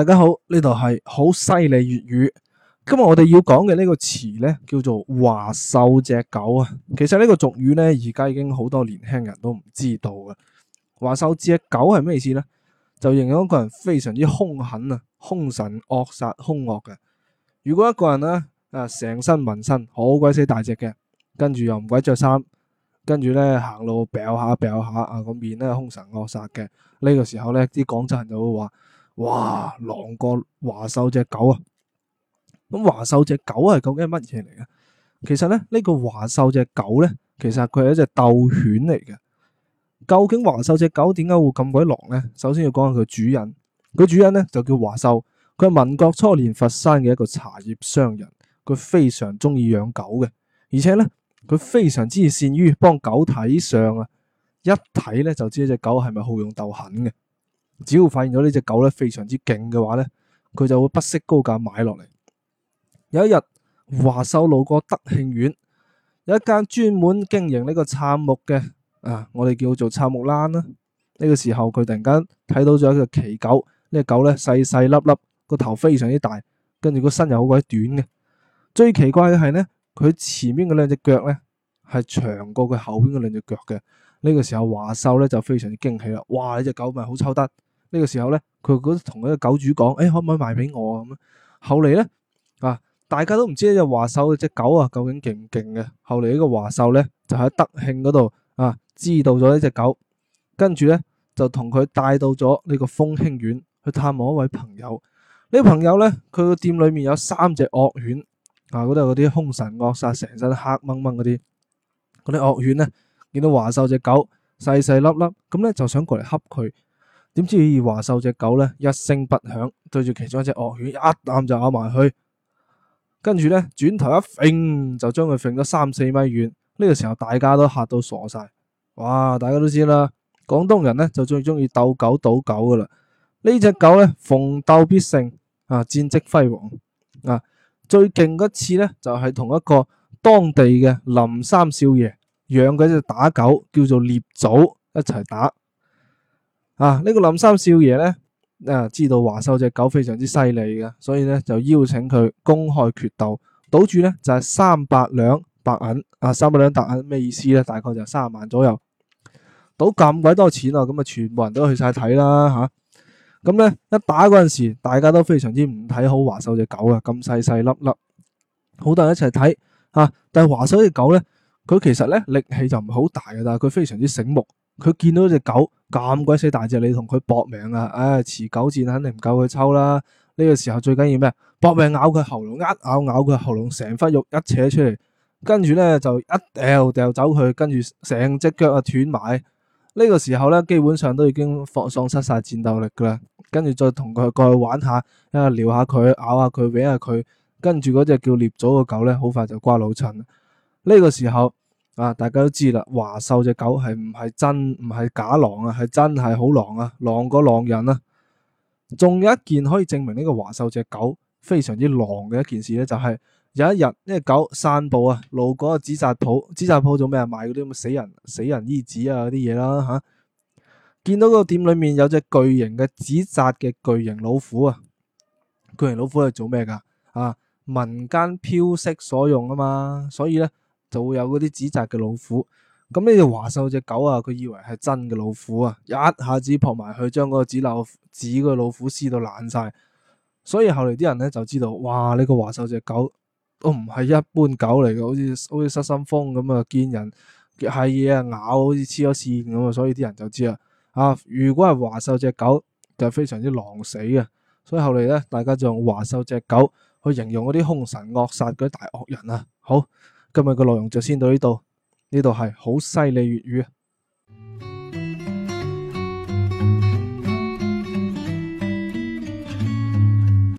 大家好，呢度係好犀利粵語。今日我哋要講嘅呢個詞咧，叫做華秀隻狗啊。其實呢個俗語咧，而家已經好多年輕人都唔知道嘅。華秀隻狗係咩意思咧？就形容一個人非常之凶狠啊，凶神惡煞、凶惡嘅。如果一個人咧啊，成身紋身，好鬼死大隻嘅，跟住又唔鬼着衫，跟住咧行路，彪下彪下啊，個面咧凶神惡煞嘅。呢個時候咧，啲廣州人就會話。哇！狼過華秀隻狗啊！咁華秀隻狗係究竟係乜嘢嚟嘅？其實咧呢個華秀隻狗咧，其實佢係一隻鬥犬嚟嘅。究竟華秀隻狗點解會咁鬼狼咧？首先要講下佢主人，佢主人咧就叫華秀，佢係民國初年佛山嘅一個茶葉商人。佢非常中意養狗嘅，而且咧佢非常之善於幫狗睇相啊！一睇咧就知隻狗係咪好勇鬥狠嘅。只要發現咗呢隻狗咧非常之勁嘅話咧，佢就會不惜高價買落嚟。有一日，華秀路過德慶苑有一間專門經營呢個杉木嘅，啊，我哋叫做杉木欄啦。呢個時候佢突然間睇到咗一個奇狗，呢隻狗咧細細粒粒，個頭非常之大，跟住個身又好鬼短嘅。最奇怪嘅係咧，佢前面嘅兩隻腳咧係長過佢後邊嘅兩隻腳嘅。呢個時候華秀咧就非常之驚喜啦！哇，呢隻狗咪好抽得！呢個時候咧，佢同嗰隻狗主講：誒、哎，可唔可以賣俾我啊？咁樣後嚟咧，啊，大家都唔知呢隻華秀隻狗啊，究竟勁唔勁嘅？後嚟呢個華秀咧，就喺德慶嗰度啊，知道咗呢隻狗，跟住咧就同佢帶到咗呢個風興苑去探望一位朋友。呢個朋友咧，佢個店裏面有三隻惡犬，啊，嗰啲嗰啲凶神惡煞，成身黑掹掹嗰啲，嗰啲惡犬咧，見到華秀隻狗細細粒粒，咁咧就想過嚟恰佢。點知華秀隻狗咧，一聲不響，對住其中一隻惡犬一啖就咬埋去，跟住咧轉頭一揈就將佢揈咗三四米遠。呢個時候大家都吓到傻晒，哇！大家都知啦，廣東人咧就最中意鬥狗賭狗噶啦。呢隻狗咧逢鬥必勝啊，戰績輝煌啊，最勁嗰次咧就係同一個當地嘅林三少爺養嘅一隻打狗叫做獵祖一齊打。啊！呢、這個林三少爺咧，啊知道華秀隻狗非常之犀利嘅，所以咧就邀請佢公開決鬥，賭住咧就係三百兩白銀，啊三百兩白銀咩意思咧？大概就三十萬左右，賭咁鬼多錢啊！咁啊，全部人都去晒睇啦吓，咁、啊、咧、嗯、一打嗰陣時，大家都非常之唔睇好華秀隻狗啊，咁細細粒粒，好多人一齊睇吓，但係華秀隻狗咧，佢其實咧力氣就唔係好大嘅，但係佢非常之醒目。佢見到隻狗咁鬼死大隻，你同佢搏命啊！唉，持久戰肯定唔夠佢抽啦。呢個時候最緊要咩？搏命咬佢喉嚨，一咬咬佢喉嚨，成塊肉一扯出嚟，跟住咧就一掉掉走佢，跟住成隻腳啊斷埋。呢個時候咧，基本上都已經放喪失晒戰鬥力噶啦。跟住再同佢過去玩下，一撩下佢，咬下佢，搲下佢，跟住嗰隻叫烈祖嘅狗咧，好快就瓜老襯。呢個時候。啊！大家都知啦，華秀隻狗係唔係真唔係假狼啊？係真係好狼啊，狼過狼人啊，仲有一件可以證明呢個華秀隻狗非常之狼嘅一件事咧，就係、是、有一日呢隻狗散步啊，路過個紙紮鋪，紙紮鋪做咩啊？賣嗰啲咁死人死人衣紙啊嗰啲嘢啦吓。見到個店裏面有隻巨型嘅紙紮嘅巨型老虎啊，巨型老虎係做咩噶？啊，民間飄色所用啊嘛，所以咧，就會有嗰啲紙紮嘅老虎，咁呢隻華秀隻狗啊，佢以為係真嘅老虎啊，一下子撲埋去，將嗰個紙老紙個老虎撕到爛晒，所以後嚟啲人咧就知道，哇！呢、這個華秀隻狗都唔係一般狗嚟嘅，好似好似失心瘋咁啊，見人夾嘢啊咬，好似黐咗線咁啊，所以啲人就知啦。啊，如果係華秀隻狗，就非常之狼死啊。所以後嚟咧，大家就用華秀隻狗去形容嗰啲凶神惡煞嗰啲大惡人啊，好。今日嘅內容就先到呢度，呢度，係好犀利粵語。